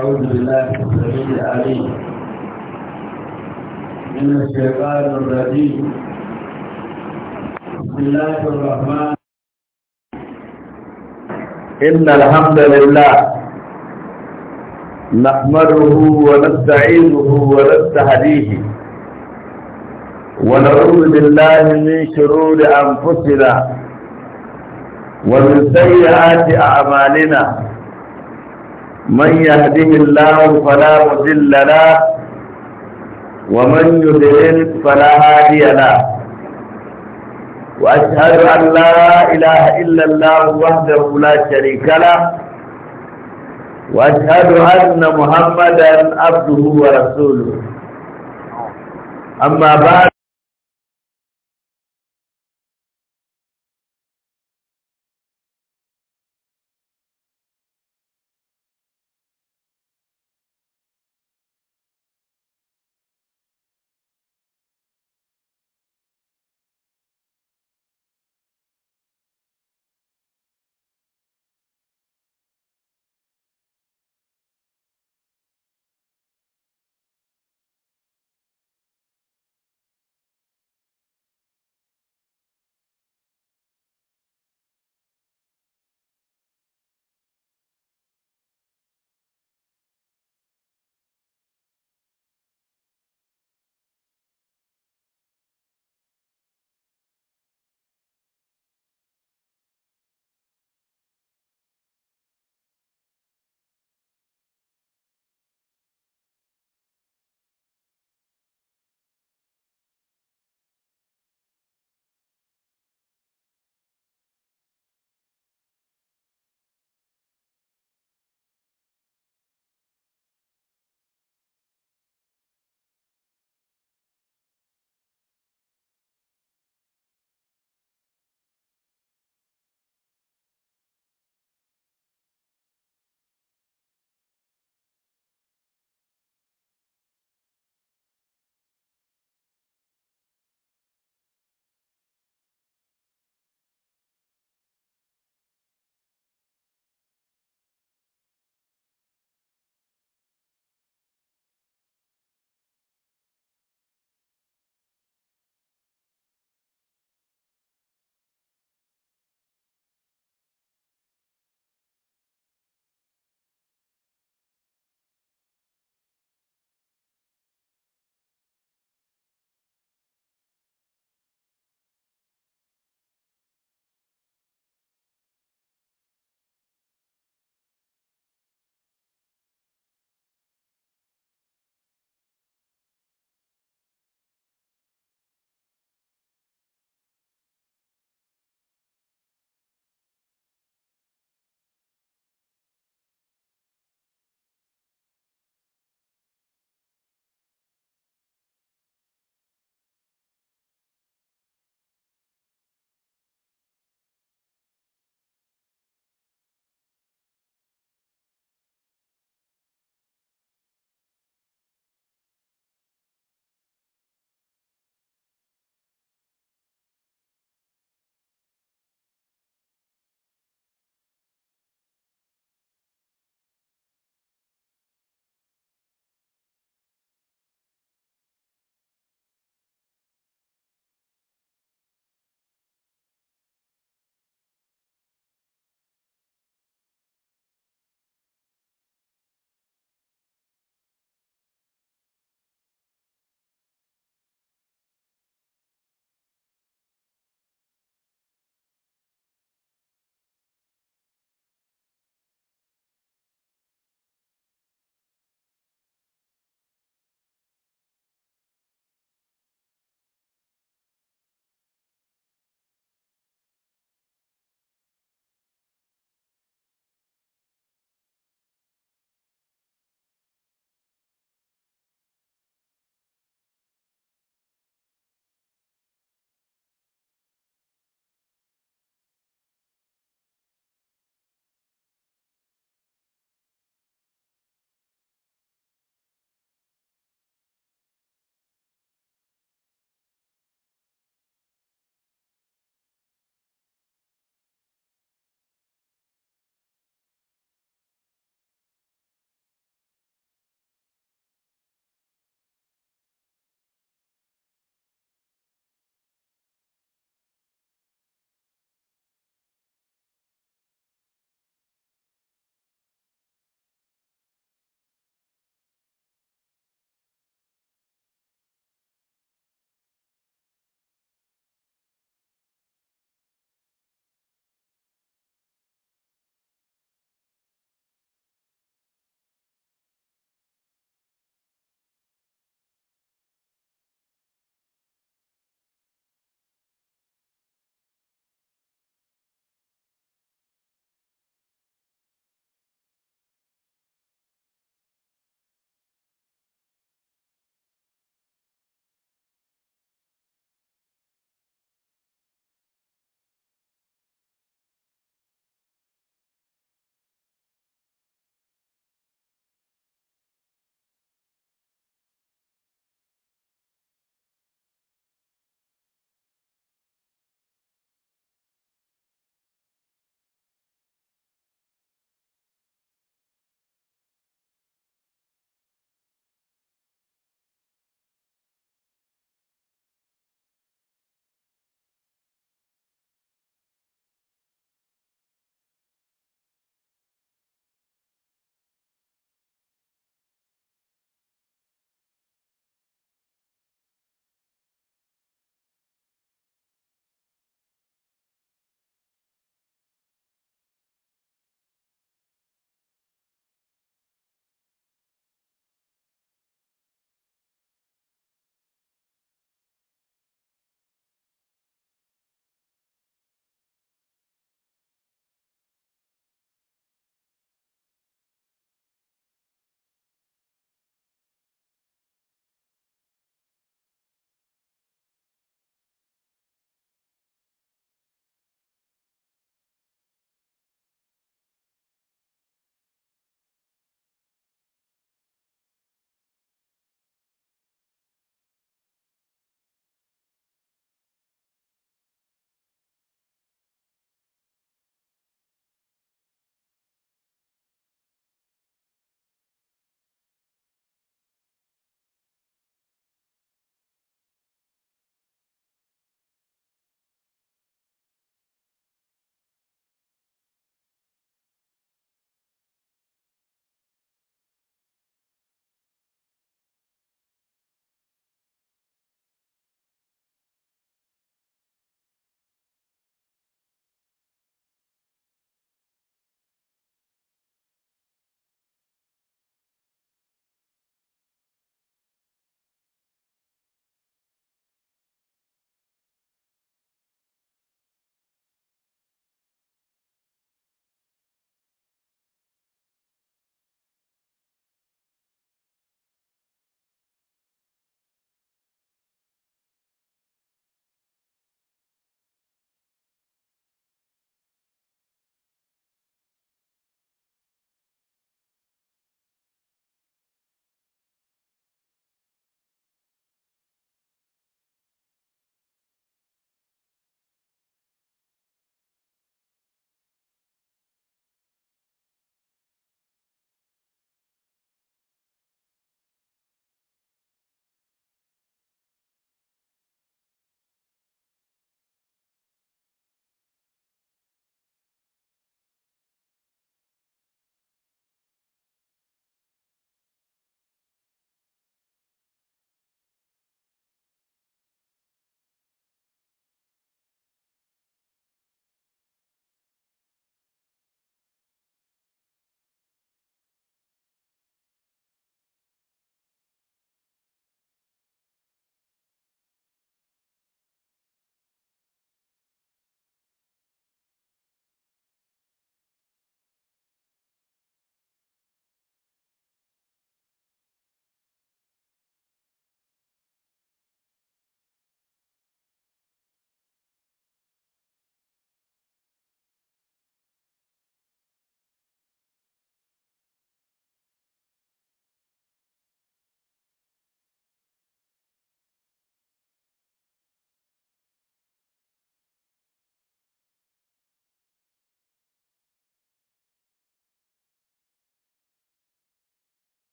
أعوذ بالله السميع العليم من الشيطان الرجيم بسم الله الرحمن إن الحمد لله نحمده ونستعينه ونستهديه ونعوذ بالله من شرور أنفسنا ومن سيئات أعمالنا من يهده الله فلا مضل له ومن يضلل فلا هادي له واشهد ان لا اله الا الله وحده لا شريك له واشهد ان محمدا عبده ورسوله اما بعد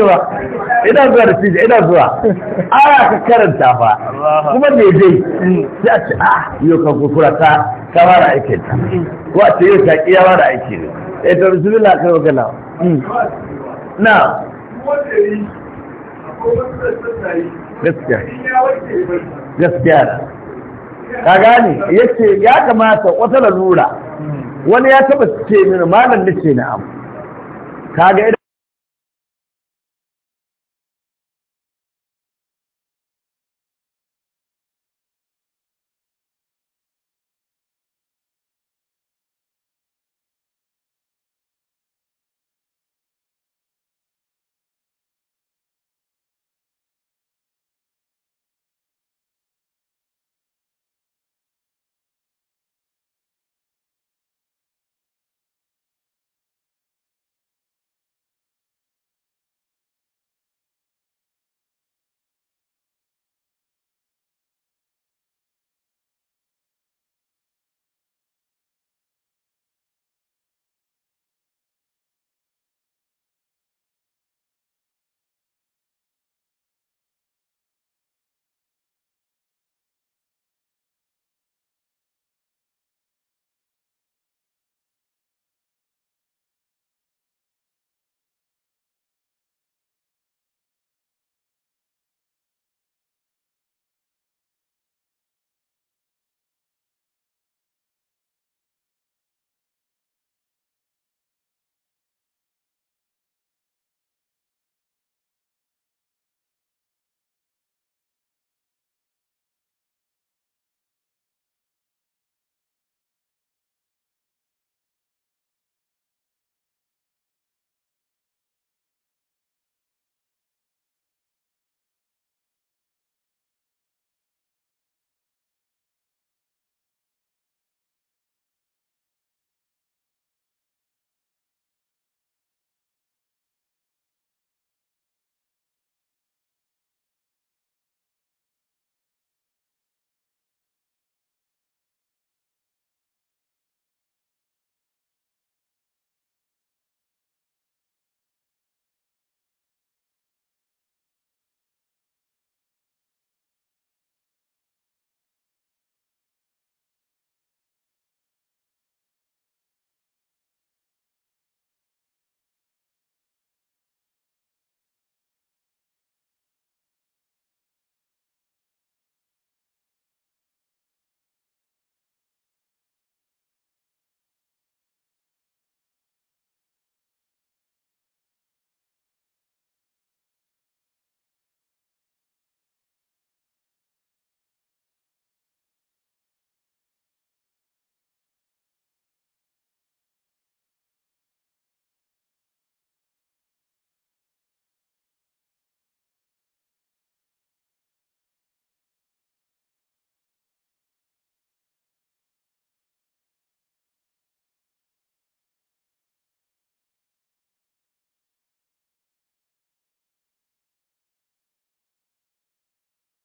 cewa ina zuwa da tija ina zuwa ara ka karanta fa kuma ne dai sai a ce ah yau ka kukura ta ka fara aikin ta ko a ce yau ta kiya fara aiki ne eh to bismillah kai wa na na gaskiya gaskiya ka gane yace ya kamata wata lalura wani ya taba ce mini malam nace na abu kaga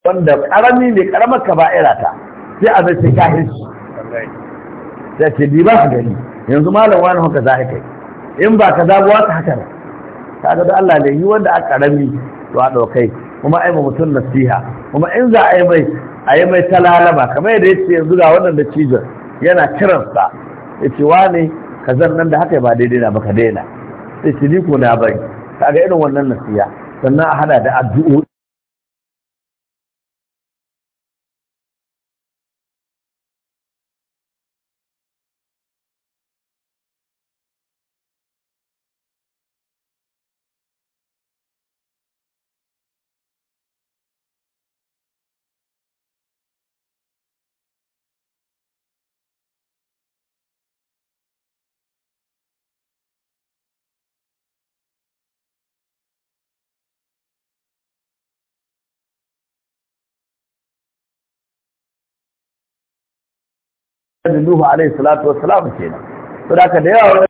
wanda karami ne karamar kaba'ira ta sai a zai kahirci da ke bi ba ka gani yanzu malam wani haka za ka in ba ka zabu wata haka ne ka ga Allah ne yi wanda a karami to a ɗaukai kuma ai mutum nasiha kuma in za a yi mai a yi kamar yadda ya ce yanzu ga wannan da cizon yana kiransa ya ce wani ka zan nan da haka ba daidai na baka daina sai ce ni ko na bari kaga irin wannan nasiha sannan a hada da addu'o'i da Nuhu alaihi salatu wassalam kenan to ka da yawa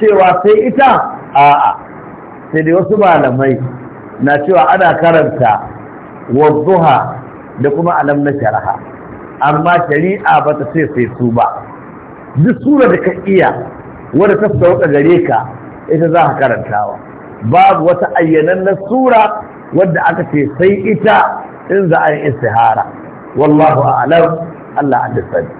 cewa sai ita a'a sai dai wasu malamai na cewa ana karanta wadduha da kuma alam na sharaha amma shari'a ba ta ce sai su ba duk sura da ka iya wadda ta sauka gare ka ita za ka karantawa babu wata na sura wadda aka ce sai ita in za a yi istihara wallahu a'lam Allah a sani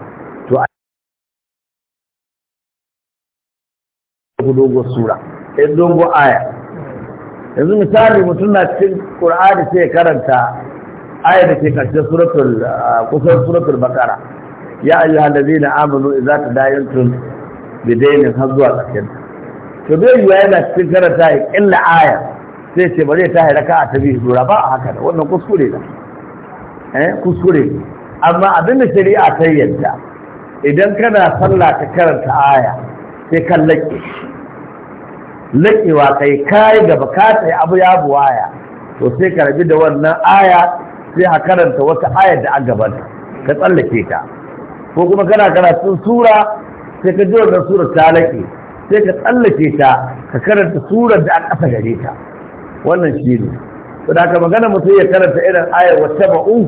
dogon sura ya dogon aya yanzu misali mutum na cikin ƙur'ani sai karanta aya da ke ƙarshen suratul ah, kusan suratul bakara ya ayi halazi na amanu idza tadayantum bidainin har zuwa ƙarshen to bai yiwa yana cikin karanta ya ƙilla aya sai ce ba zai ta ka a ta biyu lura ba a haka da wannan kuskure da eh kuskure amma abin da shari'a ta yadda idan kana sallah ta karanta aya sai kallake laƙewa kai kayi gaba ka tsaye abu ya buwaya to sai ka rabi da wannan aya sai a karanta wata aya da a gaban ka tsallake ta ko kuma kana karatun sura sai ka ji wannan sura ta laƙe sai ka tsallake ta ka karanta surar da a ƙasa gare ta wannan shi ne to da magana mutum ya karanta irin ayar wata ba'u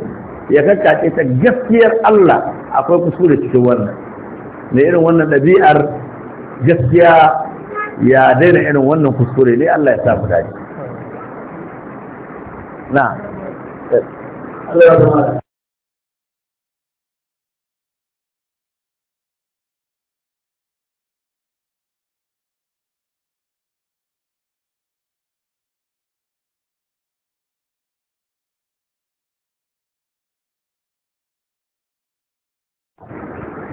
ya kakkace ta gaskiyar Allah akwai kusura cikin wannan da irin wannan ɗabi'ar gaskiya ya daina irin wannan kuskure ne Allah ya sa mu dace na Allah ya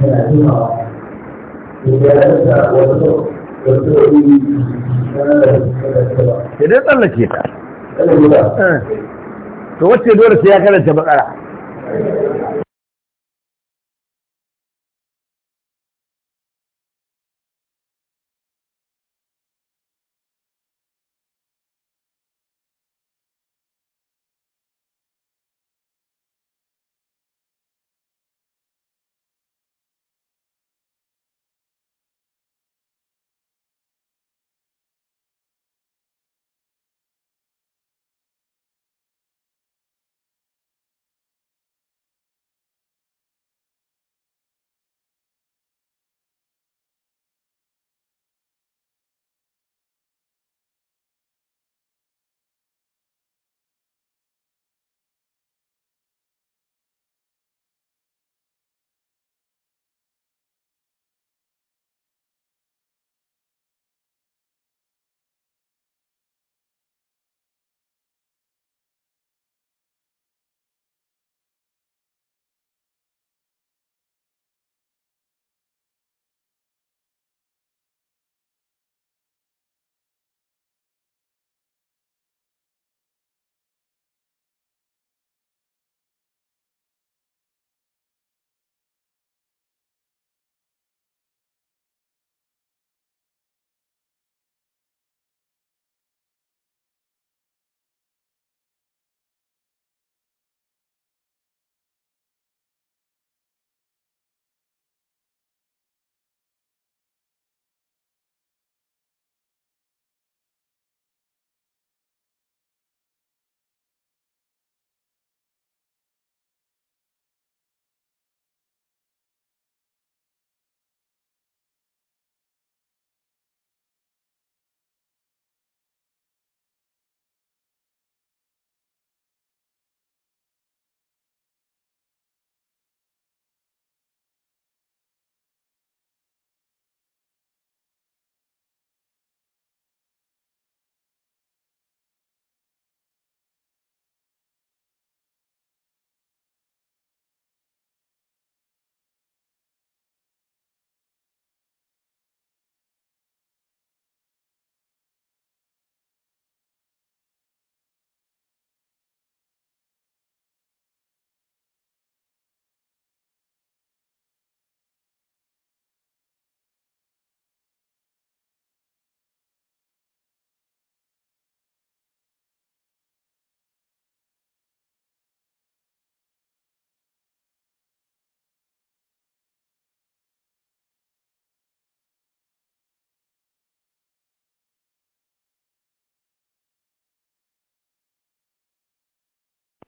Yeah, I think, uh, if you have a, uh, what's the ya dai tsallake ta eh. to wacce dole sai ya karanta bakara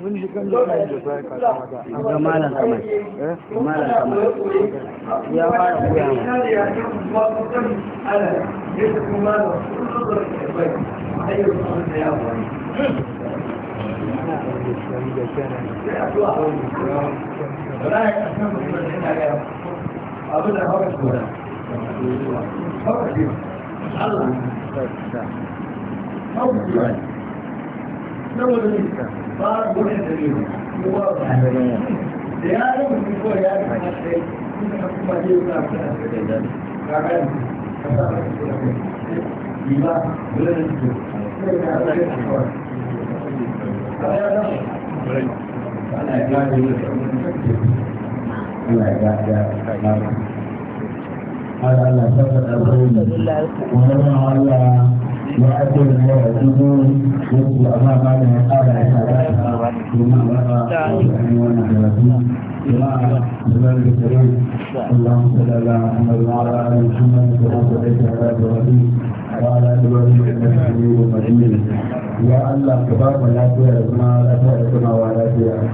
mun ji kan da kan da ka kama ga malam kamar eh malam kamar ya fara koya mu ya saboda ya Allah ya وأدي المواجدين مثل ما قال قال عبادتها بما وقع وعنوان الوزير اللهم صل على محمد وعلى ال محمد كما صليت على ابراهيم وعلى ال ابراهيم انك حميد مجيد يا الله تبارك لا تعلم لا تعلم ولا تعلم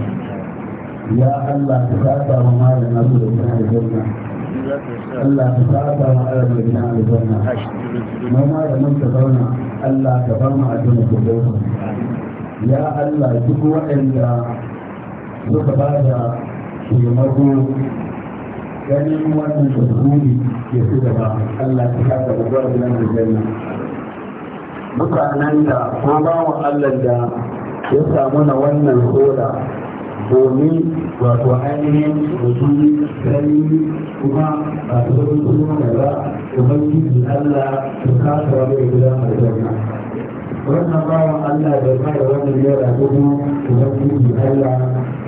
يا الله تبارك وما لنا من الجنه Allah ka saba ma arabar gina aljanna noma da mun ta zauna Allah ka ba mu aljanna ku dauka ya Allah duk waɗanda suka ba da taimako ganin wannan tasiri ke su gaba Allah ka saba da gwargwar aljanna mutanen da ko ba bawan Allah da ya samu na wannan hoda. domin wato ainihin wasu gani kuma ba ta zama kuma da ba ubangiji allah ta kasa wani gida mai zauna wannan bawan allah da ba da wannan yara dubu ubangiji allah